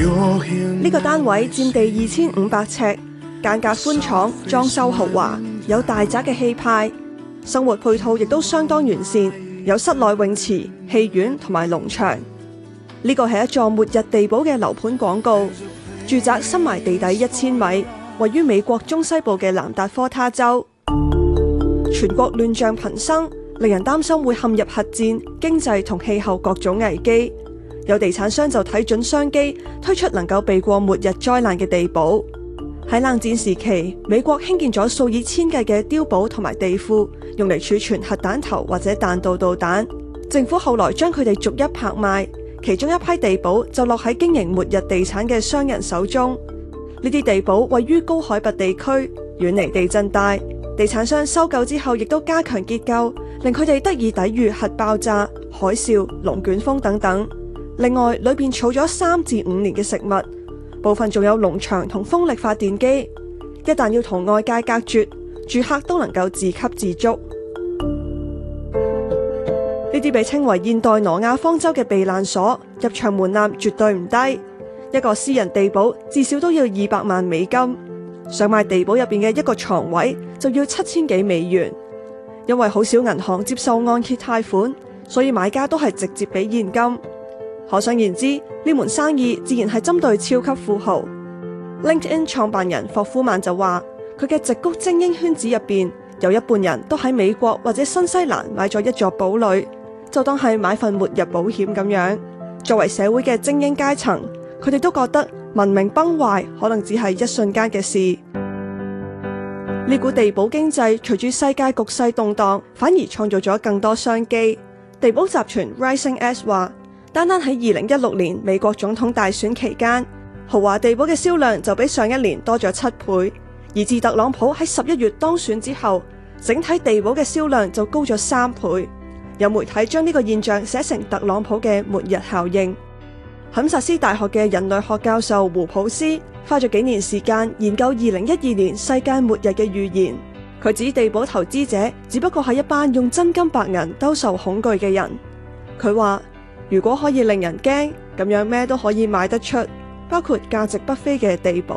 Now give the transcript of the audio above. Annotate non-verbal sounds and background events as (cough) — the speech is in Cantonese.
呢個單位佔地二千五百尺，間隔寬敞，裝修豪華，有大宅嘅氣派。生活配套亦都相當完善，有室內泳池、戲院同埋農場。呢個係一座末日地堡嘅樓盤廣告，住宅深埋地底一千米，位於美國中西部嘅南達科他州。全國亂象頻生，令人擔心會陷入核戰、經濟同氣候各種危機。有地產商就睇準商機，推出能夠避過末日災難嘅地堡。喺冷戰時期，美國興建咗數以千計嘅碉堡同埋地庫，用嚟儲存核彈頭或者彈道導彈。政府後來將佢哋逐一拍賣，其中一批地堡就落喺經營末日地產嘅商人手中。呢啲地堡位於高海拔地區，遠離地震帶。地產商收購之後，亦都加強結構，令佢哋得以抵禦核爆炸、海嘯、龍捲風等等。另外，裏邊儲咗三至五年嘅食物，部分仲有農場同風力發電機。一旦要同外界隔絕，住客都能夠自給自足。呢啲被稱為現代挪亞方舟嘅避難所，入場門檻絕對唔低。一個私人地堡至少都要二百萬美金，想買地堡入邊嘅一個床位就要七千幾美元。因為好少銀行接受按揭貸款，所以買家都係直接俾現金。可想而知，呢門生意自然係針對超級富豪。LinkedIn 創辦人霍夫曼就話：佢嘅矽谷精英圈子入邊有一半人都喺美國或者新西蘭買咗一座堡壘，就當係買份末日保險咁樣。作為社會嘅精英階層，佢哋都覺得文明崩壞可能只係一瞬間嘅事。呢 (music) 股地堡經濟隨住世界局勢動盪，反而創造咗更多商機。地堡集團 Rising S 話。單單喺二零一六年美國總統大選期間，豪華地堡嘅銷量就比上一年多咗七倍，而自特朗普喺十一月當選之後，整體地堡嘅銷量就高咗三倍。有媒體將呢個現象寫成特朗普嘅末日效應。肯薩斯大學嘅人類學教授胡普斯花咗幾年時間研究二零一二年世界末日嘅預言，佢指地堡投資者只不過係一班用真金白銀兜售恐懼嘅人。佢話。如果可以令人驚，咁樣咩都可以買得出，包括價值不菲嘅地堡。